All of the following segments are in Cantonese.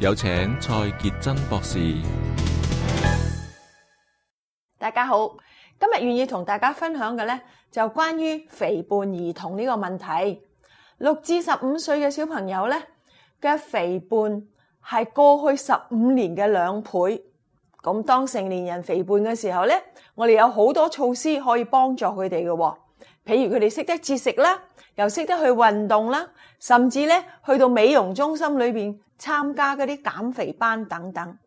有請蔡杰真博士。大家好，今日願意同大家分享嘅呢就關於肥胖兒童呢個問題。六至十五歲嘅小朋友呢嘅肥胖係過去十五年嘅兩倍。咁當成年人肥胖嘅時候呢，我哋有好多措施可以幫助佢哋嘅，譬如佢哋識得節食啦，又識得去運動啦，甚至呢去到美容中心裏邊。參加嗰啲減肥班等等，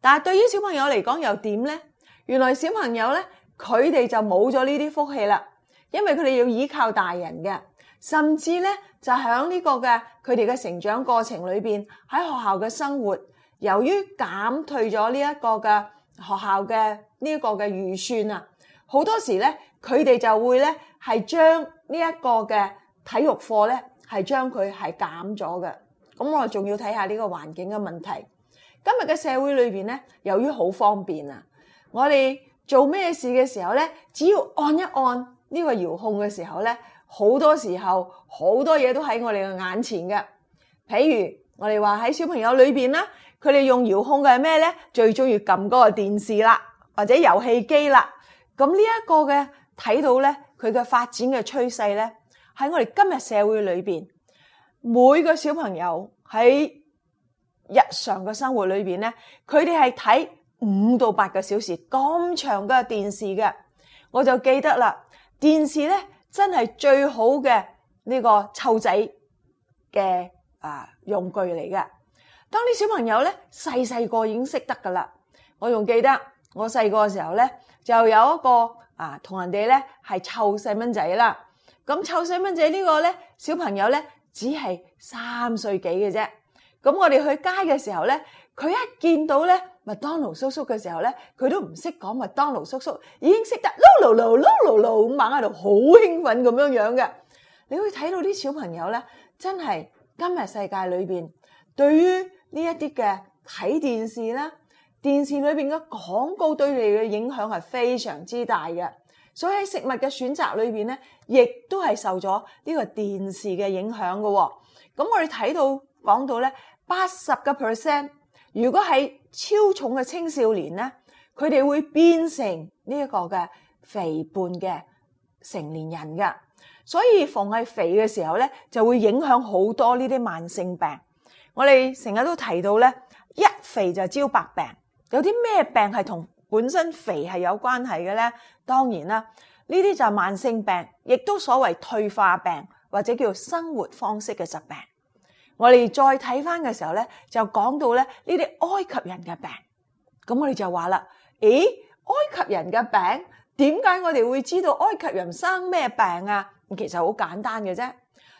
但係對於小朋友嚟講又點呢？原來小朋友咧，佢哋就冇咗呢啲福氣啦，因為佢哋要依靠大人嘅，甚至咧就喺呢個嘅佢哋嘅成長過程裏面，喺學校嘅生活，由於減退咗呢一個嘅學校嘅呢一個嘅預算啊，好多時咧佢哋就會咧係將呢一個嘅體育課咧係將佢係減咗嘅。咁我仲要睇下呢個環境嘅問題。今日嘅社會裏面呢，由於好方便啊，我哋做咩事嘅時候呢，只要按一按呢個遙控嘅時候呢，好多時候好多嘢都喺我哋嘅眼前嘅。譬如我哋話喺小朋友裏面啦，佢哋用遙控嘅係咩呢？最中意撳嗰個電視啦，或者遊戲機啦。咁呢一個嘅睇到呢，佢嘅發展嘅趨勢呢，喺我哋今日社會裏面。每個小朋友喺日常嘅生活裏邊咧，佢哋係睇五到八個小時咁長嘅電視嘅。我就記得啦，電視咧真係最好嘅呢個湊仔嘅啊用具嚟嘅。當啲小朋友咧細細個已經識得噶啦，我仲記得我細個嘅時候咧就有一個啊同人哋咧係湊細蚊仔啦。咁湊細蚊仔呢個咧小朋友咧。只係三歲幾嘅啫，咁我哋去街嘅時候咧，佢一見到咧麥當勞叔叔嘅時候咧，佢都唔識講麥當勞叔叔，已經識得撈撈撈撈撈撈咁猛喺度，好興奮咁樣樣嘅。你會睇到啲小朋友咧，真係今日世界裏邊，對於呢一啲嘅睇電視啦，電視裏邊嘅廣告對你嘅影響係非常之大嘅。所以喺食物嘅選擇裏邊咧，亦都係受咗呢個電視嘅影響嘅喎。咁我哋睇到講到咧，八十個 percent，如果係超重嘅青少年咧，佢哋會變成呢一個嘅肥胖嘅成年人嘅。所以逢係肥嘅時候咧，就會影響好多呢啲慢性病。我哋成日都提到咧，一肥就招百病。有啲咩病係同？本身肥係有關係嘅咧，當然啦，呢啲就係慢性病，亦都所謂退化病或者叫生活方式嘅疾病。我哋再睇翻嘅時候咧，就講到咧呢啲埃及人嘅病。咁我哋就話啦，誒，埃及人嘅病點解我哋會知道埃及人生咩病啊？咁其實好簡單嘅啫。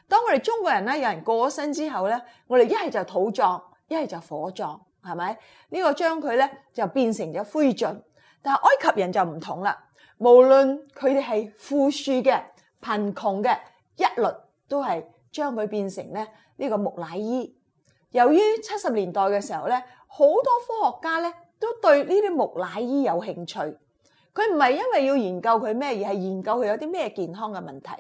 當我哋中國人咧，有人過咗身之後咧，我哋一係就土葬，一係就火葬。係咪，呢個將佢咧就變成咗灰燼？但係埃及人就唔同啦，無論佢哋係富庶嘅、貧窮嘅，一律都係將佢變成咧呢個木乃伊。由於七十年代嘅時候咧，好多科學家咧都對呢啲木乃伊有興趣，佢唔係因為要研究佢咩，而係研究佢有啲咩健康嘅問題。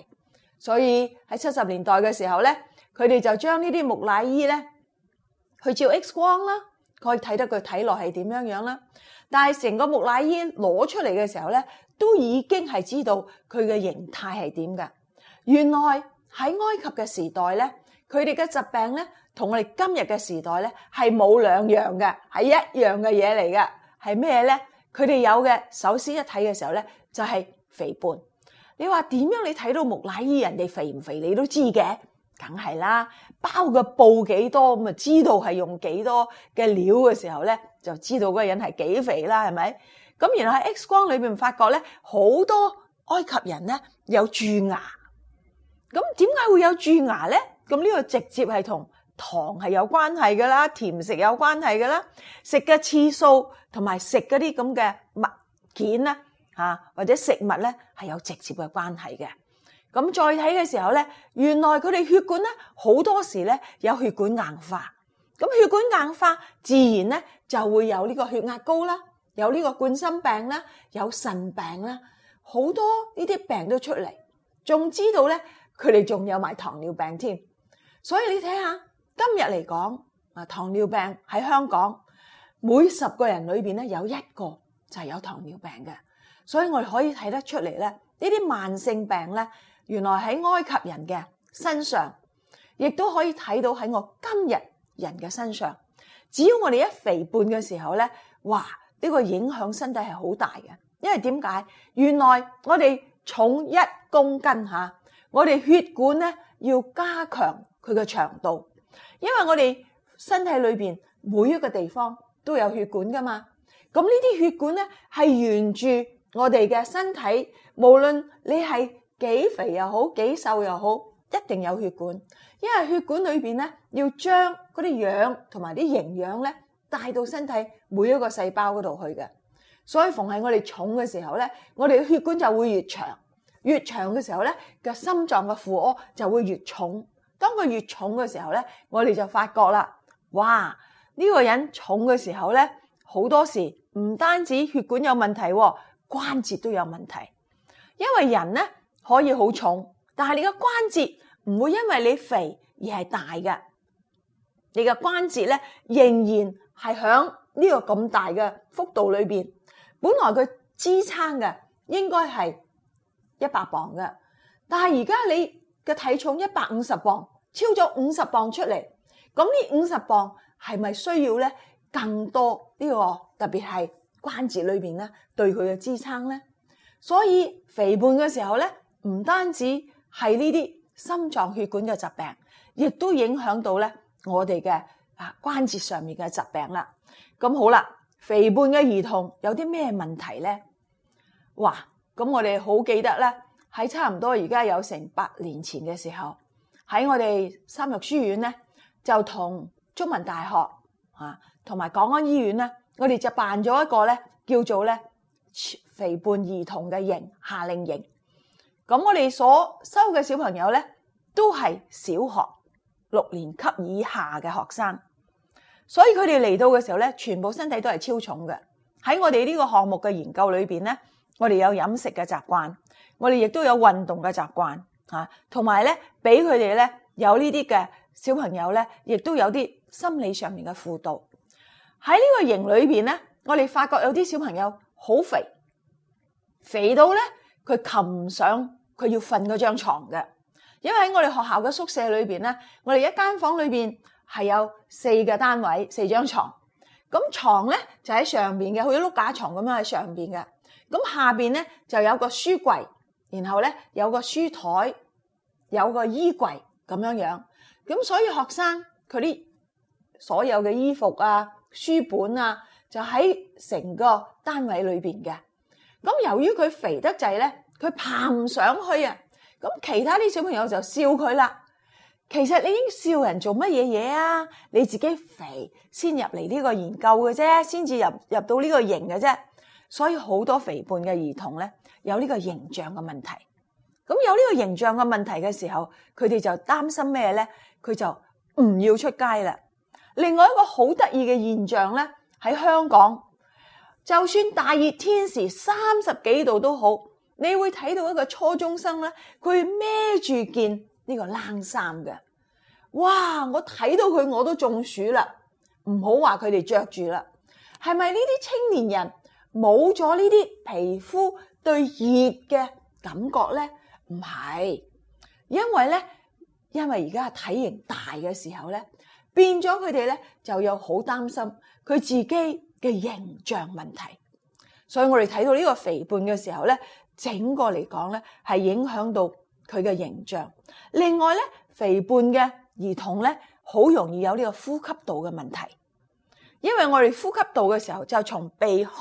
所以喺七十年代嘅時候咧，佢哋就將呢啲木乃伊咧去照 X 光啦。佢睇得佢睇落係點樣樣啦，但係成個木乃伊攞出嚟嘅時候咧，都已經係知道佢嘅形態係點噶。原來喺埃及嘅時代咧，佢哋嘅疾病咧，同我哋今日嘅時代咧係冇兩樣嘅，係一樣嘅嘢嚟嘅。係咩咧？佢哋有嘅，首先一睇嘅時候咧，就係肥胖。你話點樣？你睇到木乃伊人哋肥唔肥，你都知嘅。梗係啦，包嘅布幾多咁啊？知道係用幾多嘅料嘅時候咧，就知道嗰個人係幾肥啦，係咪？咁然後喺 X 光裏邊發覺咧，好多埃及人咧有蛀牙。咁點解會有蛀牙咧？咁呢個直接係同糖係有關係㗎啦，甜食有關係㗎啦，食嘅次數同埋食嗰啲咁嘅物件啦，吓或者食物咧係有直接嘅關係嘅。咁再睇嘅時候咧，原來佢哋血管咧好多時咧有血管硬化，咁血管硬化自然咧就會有呢個血壓高啦，有呢個冠心病啦，有腎病啦，好多呢啲病都出嚟，仲知道咧佢哋仲有埋糖尿病添，所以你睇下今日嚟講啊，糖尿病喺香港每十個人裏邊咧有一個就係有糖尿病嘅，所以我哋可以睇得出嚟咧呢啲慢性病咧。原來喺埃及人嘅身上，亦都可以睇到喺我今日人嘅身上。只要我哋一肥胖嘅時候咧，哇！呢個影響身體係好大嘅。因為點解？原來我哋重一公斤吓，我哋血管咧要加強佢嘅長度，因為我哋身體裏邊每一個地方都有血管噶嘛。咁呢啲血管咧係沿住我哋嘅身體，無論你係。幾肥又好，幾瘦又好，一定有血管，因為血管裏邊咧要將嗰啲氧同埋啲營養咧帶到身體每一個細胞嗰度去嘅。所以逢係我哋重嘅時候咧，我哋血管就會越長，越長嘅時候咧個心臟嘅負荷就會越重。當佢越重嘅時候咧，我哋就發覺啦，哇！呢個人重嘅時候咧，好多時唔單止血管有問題，關節都有問題，因為人咧。可以好重，但係你嘅關節唔會因為你肥而係大嘅，你嘅關節咧仍然係響呢個咁大嘅幅度裏邊。本來佢支撐嘅應該係一百磅嘅，但係而家你嘅體重一百五十磅，超咗五十磅出嚟，咁呢五十磅係咪需要咧更多呢個？特別係關節裏邊咧對佢嘅支撐咧，所以肥胖嘅時候咧。唔單止係呢啲心臟血管嘅疾病，亦都影響到咧我哋嘅啊關節上面嘅疾病啦。咁好啦，肥胖嘅兒童有啲咩問題咧？哇！咁我哋好記得咧，喺差唔多而家有成百年前嘅時候，喺我哋三育書院咧，就同中文大學啊，同埋港安醫院咧，我哋就辦咗一個咧，叫做咧肥胖兒童嘅型夏令營。咁我哋所收嘅小朋友呢，都係小學六年級以下嘅學生，所以佢哋嚟到嘅時候呢，全部身體都係超重嘅。喺我哋呢個項目嘅研究裏邊呢，我哋有飲食嘅習慣，我哋亦都有運動嘅習慣啊，同埋呢，俾佢哋呢有呢啲嘅小朋友呢，亦都有啲心理上面嘅輔導。喺呢個營裏邊呢，我哋發覺有啲小朋友好肥，肥到呢，佢擒唔上。佢要瞓嗰張床嘅，因為喺我哋學校嘅宿舍裏面咧，我哋一間房裏面係有四個單位、四張床。咁床咧就喺上面嘅，好似碌架床咁樣喺上面嘅。咁下面咧就有個書櫃，然後咧有個書台，有個衣櫃咁樣樣。咁所以學生佢啲所有嘅衣服啊、書本啊，就喺成個單位裏面嘅。咁由於佢肥得滯咧。佢爬唔上去啊！咁其他啲小朋友就笑佢啦。其實你已經笑人做乜嘢嘢啊？你自己肥先入嚟呢個研究嘅啫，先至入入到呢個型嘅啫。所以好多肥胖嘅兒童呢，有呢個形象嘅問題。咁有呢個形象嘅問題嘅時候，佢哋就擔心咩呢？佢就唔要出街啦。另外一個好得意嘅現象呢，喺香港，就算大熱天時三十幾度都好。你會睇到一個初中生咧，佢孭住件呢個冷衫嘅，哇！我睇到佢我都中暑啦，唔好話佢哋着住啦。係咪呢啲青年人冇咗呢啲皮膚對熱嘅感覺咧？唔係，因為咧，因為而家體型大嘅時候咧，變咗佢哋咧就有好擔心佢自己嘅形象問題。所以我哋睇到呢個肥胖嘅時候咧。整個嚟講咧，係影響到佢嘅形象。另外咧，肥胖嘅兒童咧，好容易有呢個呼吸道嘅問題，因為我哋呼吸道嘅時候就從鼻腔，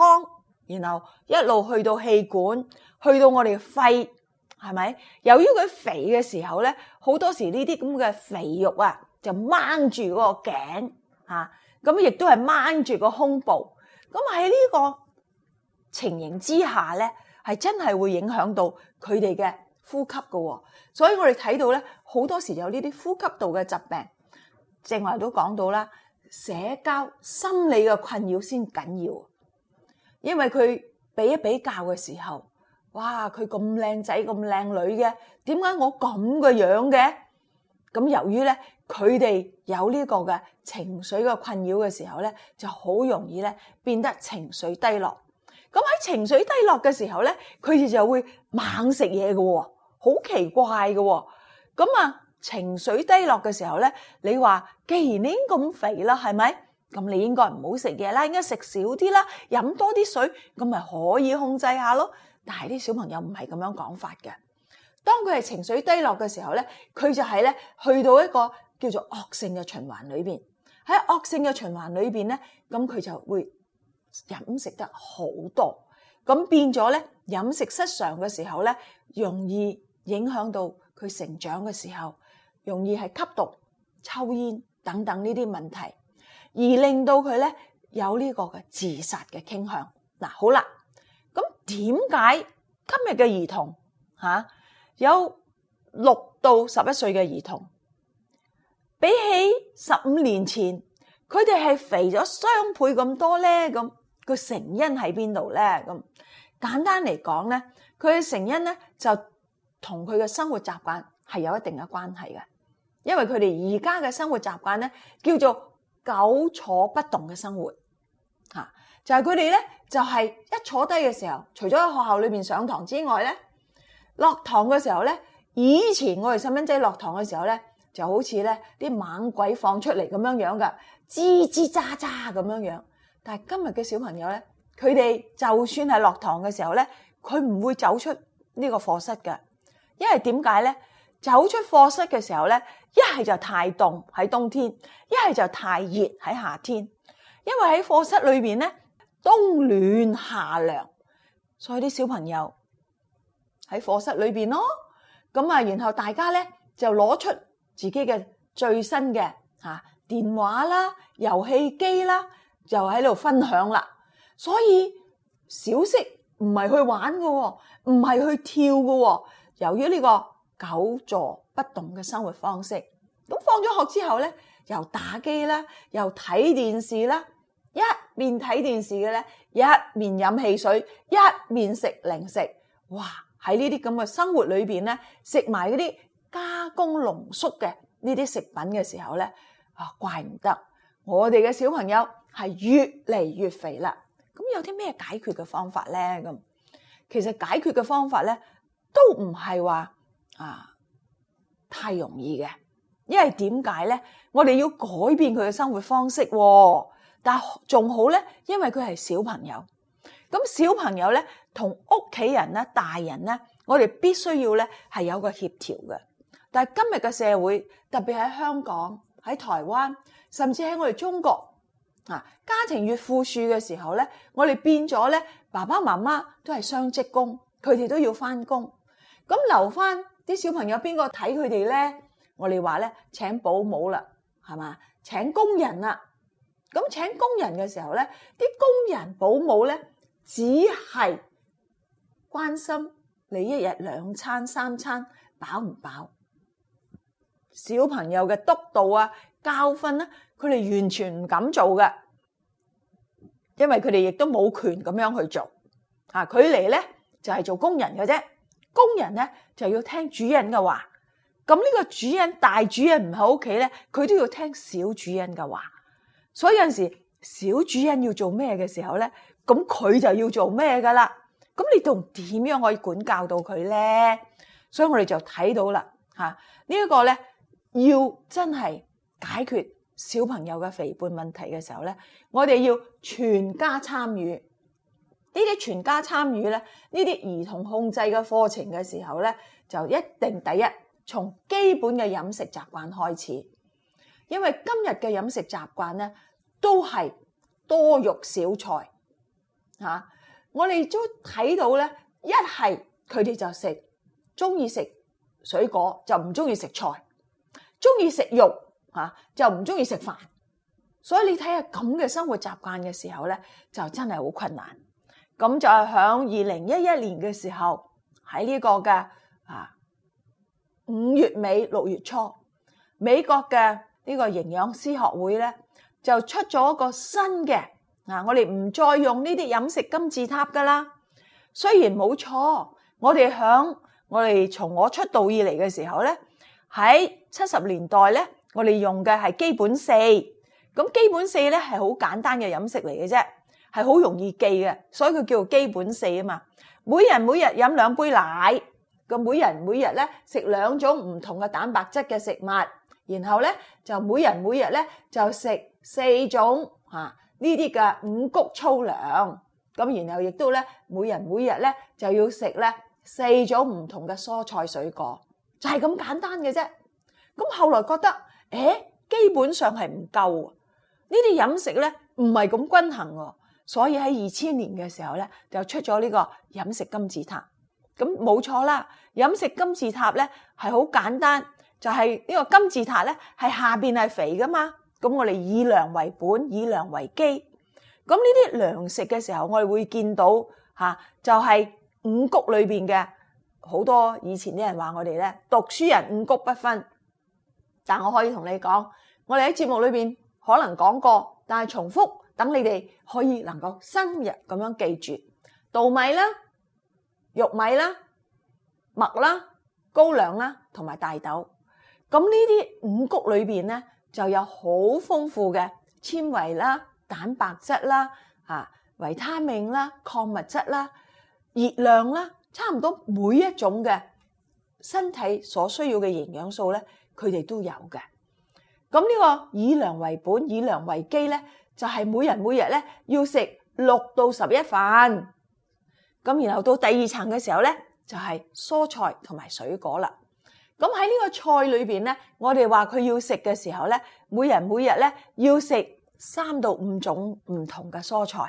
然後一路去到氣管，去到我哋嘅肺，係咪？由於佢肥嘅時候咧，好多時呢啲咁嘅肥肉啊，就掹住嗰個頸嚇，咁亦都係掹住個胸部。咁喺呢個情形之下咧。係真係會影響到佢哋嘅呼吸㗎喎，所以我哋睇到咧，好多時有呢啲呼吸道嘅疾病。正話都講到啦，社交心理嘅困擾先緊要，因為佢比一比較嘅時候，哇！佢咁靚仔咁靚女嘅，點解我咁嘅樣嘅？咁由於咧佢哋有呢個嘅情緒嘅困擾嘅時候咧，就好容易咧變得情緒低落。咁喺情緒低落嘅時候咧，佢哋就會猛食嘢嘅喎，好奇怪嘅喎。咁啊，情緒低落嘅時候咧，你話既然你已經咁肥啦，係咪？咁你應該唔好食嘢啦，應該食少啲啦，飲多啲水，咁咪可以控制下咯。但係啲小朋友唔係咁樣講法嘅。當佢係情緒低落嘅時候咧，佢就係咧去到一個叫做惡性嘅循環裏邊。喺惡性嘅循環裏邊咧，咁佢就會，飲食得好多，咁變咗咧，飲食失常嘅時候咧，容易影響到佢成長嘅時候，容易係吸毒、抽煙等等呢啲問題，而令到佢咧有呢個嘅自殺嘅傾向。嗱，好啦，咁點解今日嘅兒童吓有六到十一歲嘅兒童，比起十五年前，佢哋係肥咗雙倍咁多咧？咁個成因喺邊度咧？咁簡單嚟講咧，佢嘅成因咧就同佢嘅生活習慣係有一定嘅關係嘅，因為佢哋而家嘅生活習慣咧叫做久坐不動嘅生活嚇，就係佢哋咧就係一坐低嘅時候，除咗喺學校裏邊上堂之外咧，落堂嘅時候咧，以前我哋細蚊仔落堂嘅時候咧，就好似咧啲猛鬼放出嚟咁樣樣㗎，吱吱喳喳咁樣樣。但今日嘅小朋友咧，佢哋就算係落堂嘅時候咧，佢唔會走出個課呢個課室嘅，因為點解咧？走出課室嘅時候咧，一係就太凍喺冬天，一係就太熱喺夏天。因為喺課室裏面咧，冬暖夏涼，所以啲小朋友喺課室裏面咯。咁啊，然後大家咧就攞出自己嘅最新嘅嚇、啊、電話啦、遊戲機啦。又喺度分享啦，所以小息唔係去玩嘅哦，唔係去跳嘅哦。由於呢個久坐不動嘅生活方式，咁放咗學之後呢，又打機啦，又睇電視啦，一面睇電視嘅呢，一面飲汽水，一面食零食。哇！喺呢啲咁嘅生活裏面呢，食埋嗰啲加工濃縮嘅呢啲食品嘅時候呢，啊，怪唔得我哋嘅小朋友。係越嚟越肥啦，咁有啲咩解決嘅方法咧？咁其實解決嘅方法咧，都唔係話啊太容易嘅，因為點解咧？我哋要改變佢嘅生活方式，哦，但係仲好咧，因為佢係小朋友。咁小朋友咧，同屋企人咧、大人咧，我哋必須要咧係有個協調嘅。但係今日嘅社會，特別喺香港、喺台灣，甚至喺我哋中國。啊，家庭越富庶嘅時候咧，我哋變咗咧，爸爸媽媽都係雙職工，佢哋都要翻工，咁留翻啲小朋友邊個睇佢哋咧？我哋話咧，請保姆啦，係嘛，請工人啦。咁請工人嘅時候咧，啲工人保姆咧，只係關心你一日兩餐三餐飽唔飽，小朋友嘅督導啊，教訓啊。佢哋完全唔敢做嘅，因為佢哋亦都冇權咁樣去做離呢。佢嚟咧就係、是、做工人嘅啫，工人咧就要聽主人嘅話。咁呢個主人、大主人唔喺屋企咧，佢都要聽小主人嘅話。所以有陣時候小主人要做咩嘅時候咧，咁佢就要做咩噶啦。咁你仲點樣可以管教到佢咧？所以我哋就睇到啦，吓、這個、呢一個咧要真係解決。小朋友嘅肥胖問題嘅時候咧，我哋要全家參與。呢啲全家參與咧，呢啲兒童控制嘅課程嘅時候咧，就一定第一從基本嘅飲食習慣開始，因為今日嘅飲食習慣咧都係多肉少菜嚇，我哋都睇到咧，一係佢哋就食，中意食水果就唔中意食菜，中意食肉。吓，就唔中意食飯，所以你睇下咁嘅生活習慣嘅時候咧，就真係好困難。咁就係響二零一一年嘅時候，喺呢個嘅啊五月尾六月初，美國嘅呢個營養師學會咧就出咗一個新嘅，嗱，我哋唔再用呢啲飲食金字塔噶啦雖然冇錯，我哋響我哋從我出道以嚟嘅時候咧，喺七十年代咧。我哋用嘅係基本四，咁基本四咧係好簡單嘅飲食嚟嘅啫，係好容易記嘅，所以佢叫做基本四啊嘛。每人每日飲兩杯奶，咁每人每日咧食兩種唔同嘅蛋白質嘅食物，然後咧就每人每日咧就食四種吓呢啲嘅五穀粗糧，咁然後亦都咧每人每日咧就要食咧四種唔同嘅蔬菜水果，就係咁簡單嘅啫。咁後來覺得。誒，基本上係唔夠，呢啲飲食咧唔係咁均衡，所以喺二千年嘅時候咧就出咗呢個飲食金字塔，咁冇錯啦。飲食金字塔咧係好簡單，就係、是、呢個金字塔咧係下邊係肥噶嘛，咁我哋以糧為本，以糧為基，咁呢啲糧食嘅時候我哋會見到吓，啊，就係、是、五穀裏邊嘅好多，以前啲人話我哋咧讀書人五穀不分。但我可以同你講，我哋喺節目裏邊可能講過，但係重複，等你哋可以能夠深入咁樣記住。稻米啦、玉米啦、麥啦、高粱啦，同埋大豆，咁呢啲五穀裏邊咧，就有好豐富嘅纖維啦、蛋白質啦、啊維他命啦、礦物質啦、熱量啦，差唔多每一種嘅身體所需要嘅營養素咧。佢哋都有嘅，咁呢個以糧為本、以糧為基咧，就係每人每日咧要食六到十一份。咁然後到第二層嘅時候咧，就係蔬菜同埋水果啦。咁喺呢個菜裏邊咧，我哋話佢要食嘅時候咧，每人每日咧要食三到五種唔同嘅蔬菜。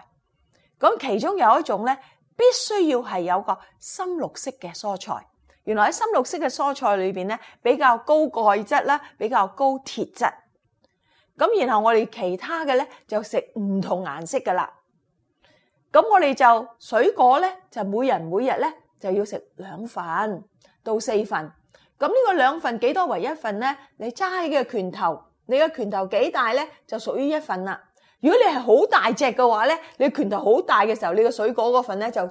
咁其中有一種咧，必須要係有個深綠色嘅蔬菜。原來喺深綠色嘅蔬菜裏邊咧，比較高鈣質啦，比較高鐵質。咁然後我哋其他嘅咧就食唔同顏色嘅啦。咁我哋就水果咧，就每人每日咧就要食兩份到四份。咁呢個兩份幾多為一份咧？你揸起嘅拳頭，你嘅拳頭幾大咧，就屬於一份啦。如果你係好大隻嘅話咧，你拳頭好大嘅時候，你嘅水果嗰份咧就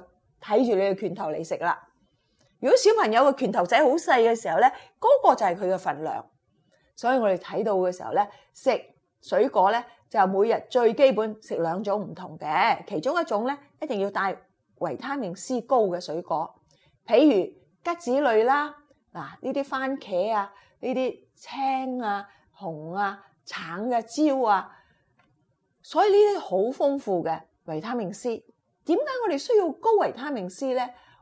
睇住你嘅拳頭嚟食啦。如果小朋友嘅拳頭仔好細嘅時候咧，高、嗰個就係佢嘅份量，所以我哋睇到嘅時候咧，食水果咧就每日最基本食兩種唔同嘅，其中一種咧一定要帶維他命 C 高嘅水果，譬如桔子類啦，嗱呢啲番茄啊，呢啲青啊、紅啊、橙嘅、啊、椒啊，所以呢啲好豐富嘅維他命 C。點解我哋需要高維他命 C 咧？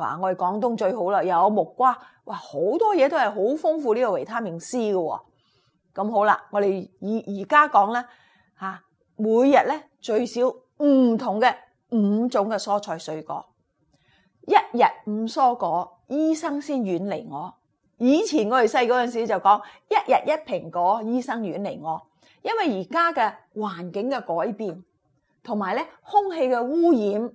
話我哋廣東最好啦，又有木瓜，哇，好多嘢都係好豐富呢、呢個維他命 C 嘅。咁好啦，我哋而而家講咧，吓、啊、每日咧最少唔同嘅五種嘅蔬菜水果，一日五蔬果，醫生先遠離我。以前我哋細嗰陣時就講一日一蘋果，醫生遠離我。因為而家嘅環境嘅改變，同埋咧空氣嘅污染，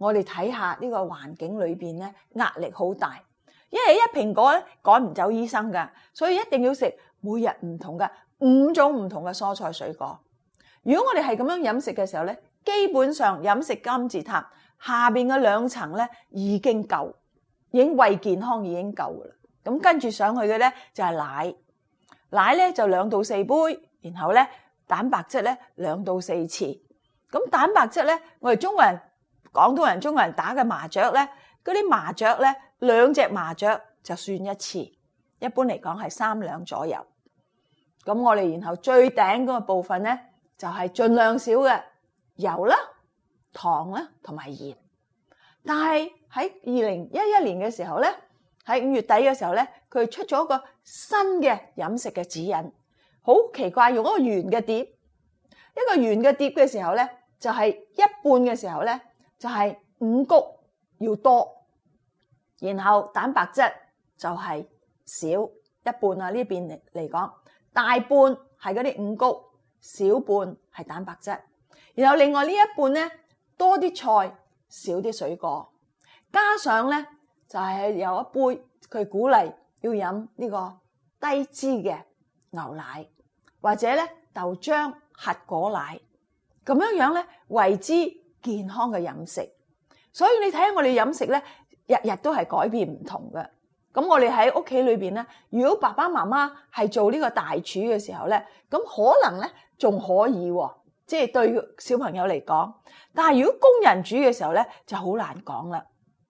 我哋睇下呢個環境裏邊咧，壓力好大，因為一蘋果趕唔走醫生噶，所以一定要食每日唔同嘅五種唔同嘅蔬菜水果。如果我哋係咁樣飲食嘅時候咧，基本上飲食金字塔下邊嘅兩層咧已經夠，已經胃健康已經夠噶啦。咁跟住上去嘅咧就係奶，奶咧就兩到四杯，然後咧蛋白質咧兩到四次。咁蛋白質咧，我哋中國人。廣東人、中國人打嘅麻雀咧，嗰啲麻雀咧，兩隻麻雀就算一次。一般嚟講係三兩左右。咁我哋然後最頂嗰個部分咧，就係盡量少嘅油啦、糖啦同埋鹽。但係喺二零一一年嘅時候咧，喺五月底嘅時候咧，佢出咗個新嘅飲食嘅指引，好奇怪，用一個圓嘅碟，一個圓嘅碟嘅時候咧，就係一半嘅時候咧。就係、是、五穀要多，然後蛋白質就係少一半啊，呢邊嚟嚟講，大半係嗰啲五穀，小半係蛋白質。然後另外呢一半咧，多啲菜，少啲水果，加上咧，就係有一杯佢鼓勵要飲呢個低脂嘅牛奶或者咧，豆漿、核果奶咁樣樣咧為之，健康嘅飲食，所以你睇下我哋飲食咧，日日都係改變唔同嘅。咁我哋喺屋企裏面咧，如果爸爸媽媽係做呢個大廚嘅時候咧，咁可能咧仲可以喎，即係對小朋友嚟講。但係如果工人煮嘅時候咧，就好難講啦，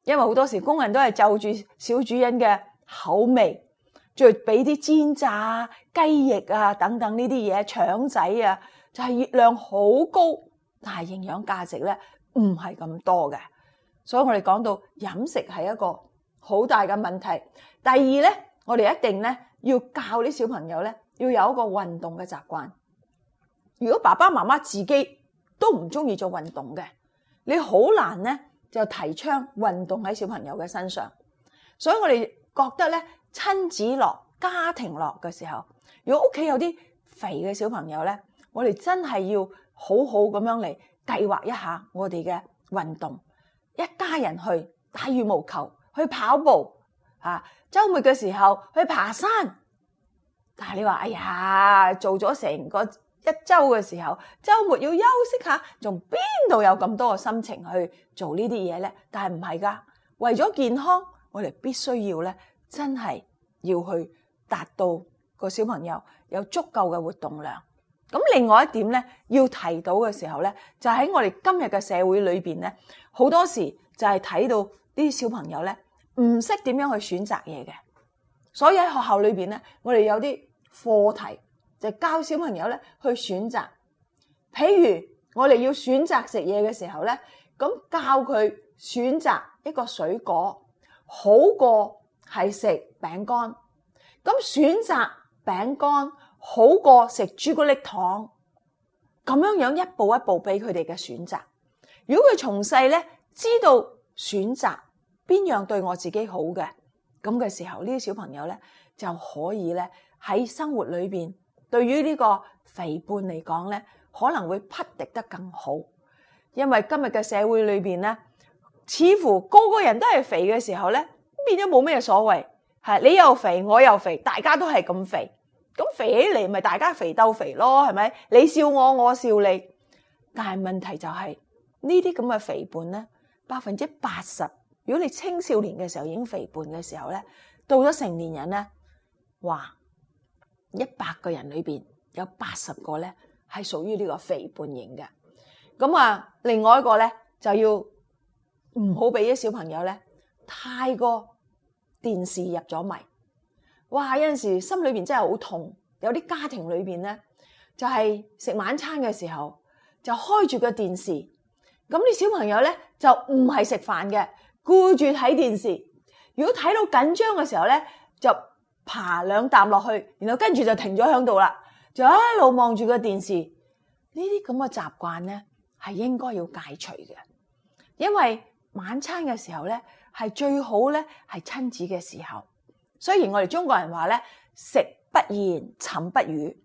因為好多時工人都係就住小主人嘅口味，再俾啲煎炸、雞翼啊等等呢啲嘢腸仔啊，就係熱量好高。但係營養價值咧唔係咁多嘅，所以我哋講到飲食係一個好大嘅問題。第二咧，我哋一定咧要教啲小朋友咧要有一個運動嘅習慣。如果爸爸媽媽自己都唔中意做運動嘅，你好難咧就提倡運動喺小朋友嘅身上。所以我哋覺得咧親子樂、家庭樂嘅時候，如果屋企有啲肥嘅小朋友咧，我哋真係要。好好咁樣嚟計劃一下我哋嘅運動，一家人去打羽毛球，去跑步，啊周末嘅時候去爬山。但係你話，哎呀，做咗成個一周嘅時候，周末要休息下，仲邊度有咁多嘅心情去做呢啲嘢呢？但係唔係噶，為咗健康，我哋必須要呢，真係要去達到個小朋友有足夠嘅活動量。咁另外一點咧，要提到嘅時候咧，就喺、是、我哋今日嘅社會裏邊咧，好多時就係睇到啲小朋友咧唔識點樣去選擇嘢嘅，所以喺學校裏邊咧，我哋有啲課題就是、教小朋友咧去選擇，譬如我哋要選擇食嘢嘅時候咧，咁教佢選擇一個水果好過係食餅乾，咁選擇餅乾。好過食朱古力糖，咁樣樣一步一步俾佢哋嘅選擇。如果佢從細咧知道選擇邊樣對我自己好嘅，咁嘅時候，呢啲小朋友咧就可以咧喺生活裏邊對於呢個肥胖嚟講咧，可能會匹敵得更好。因為今日嘅社會裏邊咧，似乎個個人都係肥嘅時候咧，變咗冇咩所謂。係你又肥，我又肥，大家都係咁肥。咁肥起嚟咪大家肥兜肥咯，係咪？你笑我，我笑你。但係問題就係、是、呢啲咁嘅肥胖咧，百分之八十，如果你青少年嘅時候已經肥胖嘅時候咧，到咗成年人咧，哇，一百個人裏邊有八十個咧係屬於呢個肥胖型嘅。咁啊，另外一個咧就要唔好俾啲小朋友咧太過電視入咗迷。哇！有陣時心裏邊真係好痛，有啲家庭裏邊呢，就係食晚餐嘅時候就開住個電視，咁啲小朋友呢，就唔係食飯嘅，顧住睇電視。如果睇到緊張嘅時候呢，就爬兩啖落去，然後跟住就停咗響度啦，就一路望住個電視。呢啲咁嘅習慣呢，係應該要戒除嘅，因為晚餐嘅時候呢，係最好呢，係親子嘅時候。雖然我哋中國人話咧，食不言，寢不語，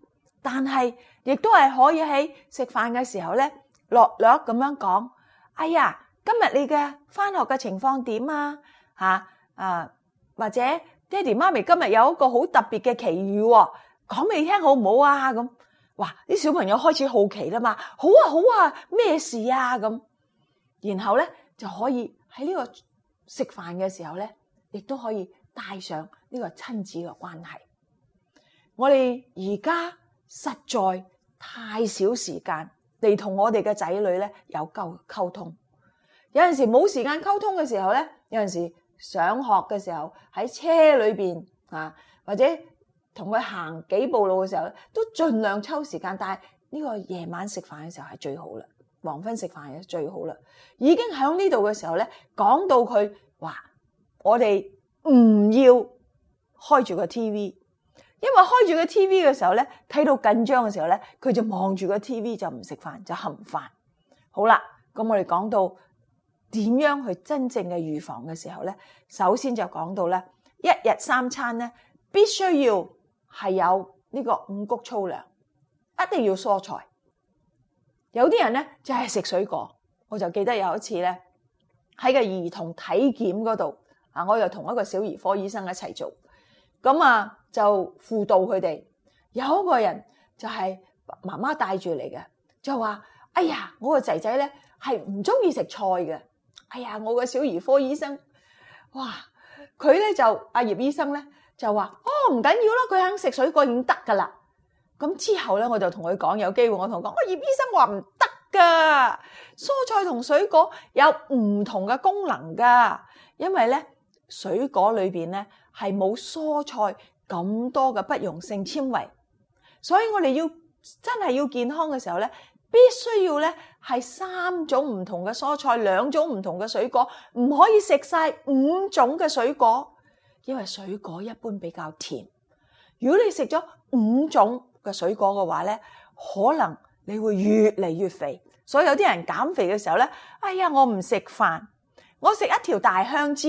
但係亦都係可以喺食飯嘅時候咧，落落咁樣講。哎呀，今日你嘅返學嘅情況點啊？嚇啊，或者爹哋媽咪今日有一個好特別嘅奇遇喎，講俾你聽好唔好啊？咁哇，啲小朋友開始好奇啦嘛。好啊，好啊，咩事啊？咁，然後咧就可以喺呢個食飯嘅時候咧，亦都可以帶上。呢個親子嘅關係，我哋而家實在太少時間嚟同我哋嘅仔女咧有溝溝通。有陣時冇時間溝通嘅時候咧，有陣時上學嘅時候喺車裏邊啊，或者同佢行幾步路嘅時候咧，都盡量抽時間。但係呢個夜晚食飯嘅時候係最好啦，黃昏食飯係最好啦。已經響呢度嘅時候咧，講到佢話我哋唔要。開住個 T.V.，因為開住個 T.V. 嘅時候咧，睇到緊張嘅時候咧，佢就望住個 T.V. 就唔食飯就含飯。好啦，咁我哋講到點樣去真正嘅預防嘅時候咧，首先就講到咧，一日三餐咧必須要係有呢個五谷粗糧，一定要蔬菜。有啲人咧就係食水果，我就記得有一次咧喺個兒童體檢嗰度啊，我又同一個小兒科醫生一齊做。咁啊，就輔導佢哋。有一個人就係媽媽帶住嚟嘅，就話：哎呀，我個仔仔咧係唔中意食菜嘅。哎呀，我個小兒科醫生，哇，佢咧就阿葉醫生咧就話：哦，唔緊要啦，佢肯食水果已經得噶啦。咁之後咧，我就同佢講，有機會我同佢講，葉醫生，我話唔得噶，蔬菜同水果有唔同嘅功能噶，因為咧水果裏邊咧。係冇蔬菜咁多嘅不溶性纖維，所以我哋要真係要健康嘅時候咧，必須要咧係三種唔同嘅蔬菜，兩種唔同嘅水果，唔可以食晒五種嘅水果，因為水果一般比較甜。如果你食咗五種嘅水果嘅話咧，可能你會越嚟越肥。所以有啲人減肥嘅時候咧，哎呀，我唔食飯，我食一條大香蕉。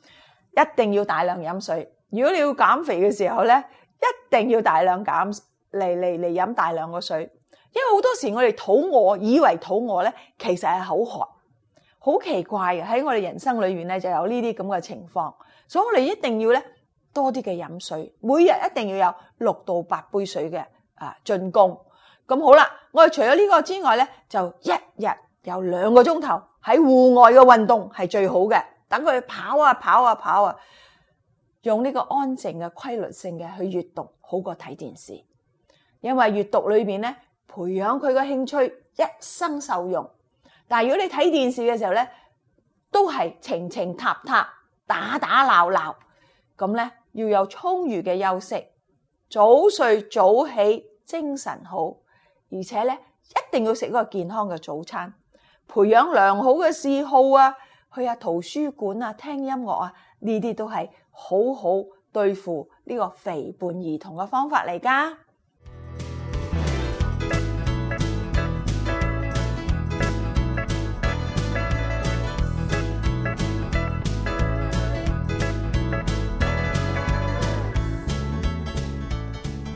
一定要大量飲水。如果你要減肥嘅時候咧，一定要大量減嚟嚟嚟飲大量嘅水。因為好多時我哋肚餓，以為肚餓咧，其實係口渴，好奇怪嘅。喺我哋人生裏面咧，就有呢啲咁嘅情況。所以我哋一定要咧多啲嘅飲水，每日一定要有六到八杯水嘅啊進攻。咁好啦，我哋除咗呢個之外咧，就一日有兩個鐘頭喺戶外嘅運動係最好嘅。等佢跑啊跑啊跑啊，用呢個安靜嘅規律性嘅去閱讀，好過睇電視。因為閱讀裏邊咧，培養佢個興趣，一生受用。但係如果你睇電視嘅時候咧，都係情情塔塔，打打鬧鬧。咁咧要有充裕嘅休息，早睡早起，精神好。而且咧一定要食嗰個健康嘅早餐，培養良好嘅嗜好啊！去下、啊、圖書館啊，聽音樂啊，呢啲都係好好對付呢個肥胖兒童嘅方法嚟噶。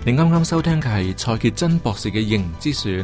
你啱啱收聽嘅係蔡潔真博士嘅《型之選》。